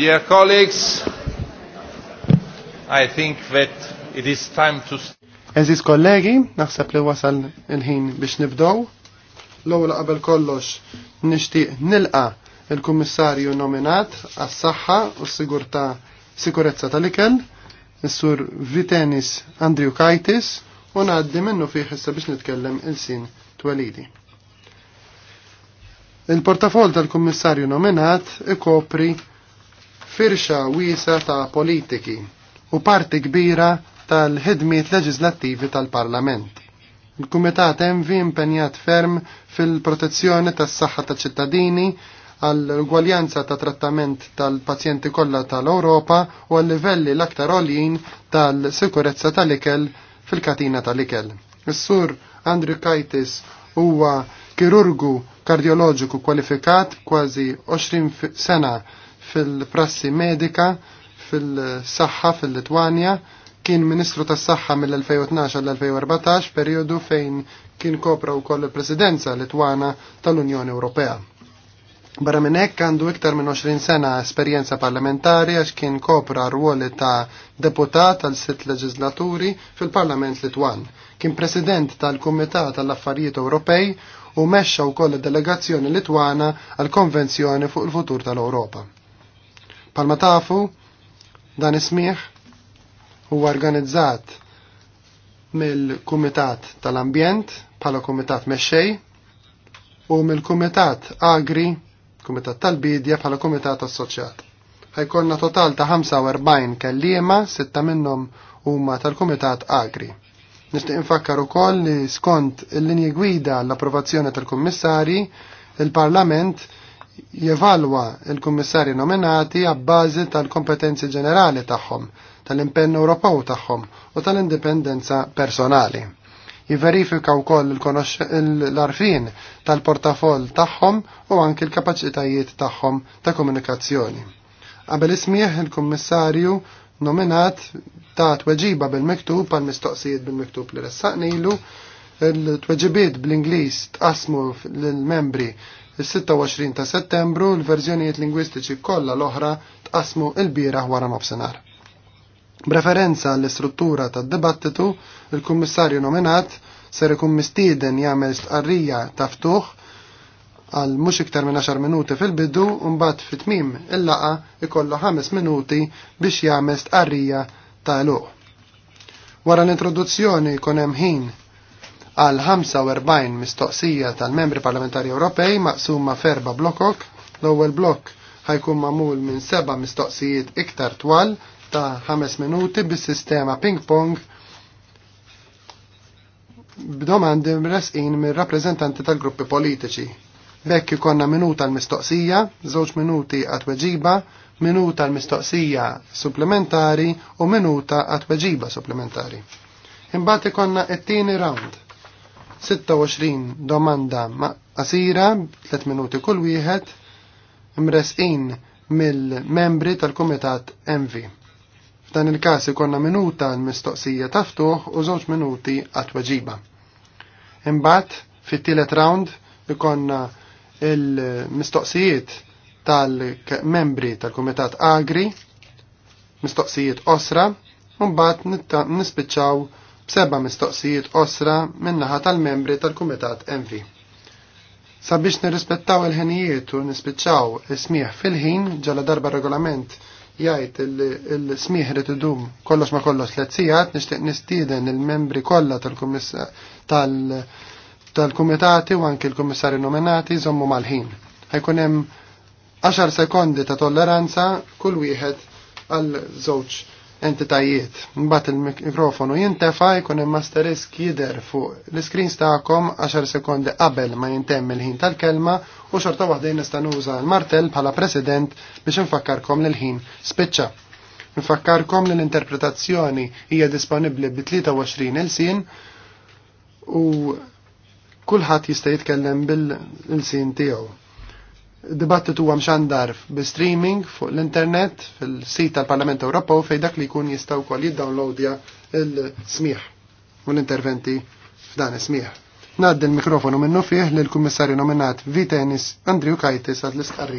Dear colleagues, I think that it is time to... Eżis kollegi, naħseb li wasal il-ħin biex nibdow. L-ewwel qabel kollox nixtieq nilqa il-kummissarju nominat għas-saħħa u s-sigurtà sikurezza tal-ikel, is-sur Vitenis Andriu Kajtis, u ngħaddi minnu fih issa biex nitkellem il-sin twelidi. Il-portafol tal-kummissarju nominat ikopri firxa wiesa ta' politiki u parti kbira tal-ħidmiet leġislattivi tal-Parlament. Il-Kumitat Envi impenjat ferm fil-protezzjoni tas-saħħa ta' ċittadini, għall-gwaljanza ta' trattament tal-pazjenti kollha tal-Ewropa u għal-livelli l-aktar għoljin tal-sikurezza tal-ikel fil-katina tal-ikel. Is-sur Andrew Kaitis huwa kirurgu kardjoloġiku kwalifikat kważi 20 sena fil-prassi medika fil-saħħa fil-Litwanja, kien Ministru tas-Saħħa mill-2012 l-2014, periodu fejn kien kopra wkoll il-Presidenza Litwana tal-Unjoni Ewropea. Barra minn hekk għandu iktar minn 20 sena esperjenza parlamentari għax kien kopra rwoli ta' deputat għal sitt leġislaturi fil-Parlament Litwan. Kien President tal-Kumitat tal-Affarijiet Ewropej u mexxa wkoll id-delegazzjoni Litwana għal-Konvenzjoni fuq il-Futur tal-Ewropa. Palma tafu, dan ismiħ huwa organizzat mill-Kumitat tal-Ambjent bħala Kumitat Mexxej u mill-Kumitat Agri, Kumitat tal-Bidja bħala Kumitat Assoċjat. Ħajkonna total ta' 45 kelliema, sitta minnhom huma tal-Kumitat Agri. Nishtiq infakkar ukoll li skont il-linji gwida l-approvazzjoni tal-Kummissarji, il-Parlament il parlament jevalwa il-kummissarji nominati għabbażi tal-kompetenzi ġenerali tagħhom, tal-impenn Ewropew tagħhom u tal-indipendenza personali. Jiverifika wkoll l-arfin tal-portafoll tagħhom u anke l-kapaċitajiet tagħhom ta' komunikazzjoni. Qabel ismieħ il-kummissarju nominat ta' tweġiba bil-miktub għal mistoqsijiet bil-miktub li ressaqnilu Il-tweġibiet bl-Ingliż tqasmu lill-membri il-26 ta' settembru l-verżjonijiet lingwistiċi kollha l-oħra tqasmu il-bieraħ wara nofsinhar. Preferenza l-istruttura tad-dibattitu, il-kummissarju nominat ser ikun mistieden jagħmel stqarrija ta' ftuħ għal mhux iktar minn 10 minuti fil-bidu u mbagħad fit-tmiem il-laqa ikollu 5 minuti biex jagħmel stqarrija ta' luq. Wara l-introduzzjoni kun hemm ħin għal 45 mistoqsija tal-membri parlamentari Ewropej maqsuma ferba blokok. L-ewwel blok ħajkun mamul minn seba' mistoqsijiet iktar twal ta' 5 minuti bis-sistema ping-pong b'domandi mresqin minn rappreżentanti tal-gruppi politiċi. Bekk ikonna minuta l-mistoqsija, żewġ minuti għat weġiba, minuta l-mistoqsija supplementari u minuta għat weġiba supplementari. Imbagħad ikonna t-tieni round 26 domanda qasira 3 minuti kull wieħed imresqin mill-membri tal-Kumitat MV. F'dan il-każ ikonna minuta l-mistoqsija taftuħ u żewġ minuti għat-tweġiba. Imbagħad fit-tielet round ikonna il-mistoqsijiet tal-membri tal-Kumitat Agri, mistoqsijiet osra, u mbagħad nispiċċaw b'seba' mistoqsijiet osra min-naħa tal-membri tal-Kumitat Envi. Sabiex nirrispettaw il-ħenijiet u nispiċċaw is-smieħ fil-ħin ġala darba regolament jgħid il-smieħ irid idum kollox ma kollox tliet sigħat nixtieq nistieden il-membri kollha tal-kumitati u anke l-kummissarji nominati żommu mal-ħin. Ħajkun hemm 10 sekondi ta' tolleranza kull wieħed għal żewġ entitajiet. Mbagħad il-mikrofonu jintefa' jkun hemm asterisk jidher fuq l-iskrin tagħkom 10 sekondi qabel ma jintemm il-ħin tal-kelma u xorta waħda nista' nuża l-martell bħala president biex infakkarkom l ħin spiċċa. Nfakkarkom li l-interpretazzjoni hija disponibbli bi 23 il-sin u kulħadd jista' jitkellem bil-sin tiegħu dibattitu għam xandar b-streaming fuq l-internet fil-sit tal-Parlament Ewropa u dak li jkun jistaw kol jiddownloadja il-smiħ u l-interventi f'dan is-smiħ. Naddi l-mikrofonu minnu fih l-Kummissarju nominat Vitenis Andriu Kajtis għad l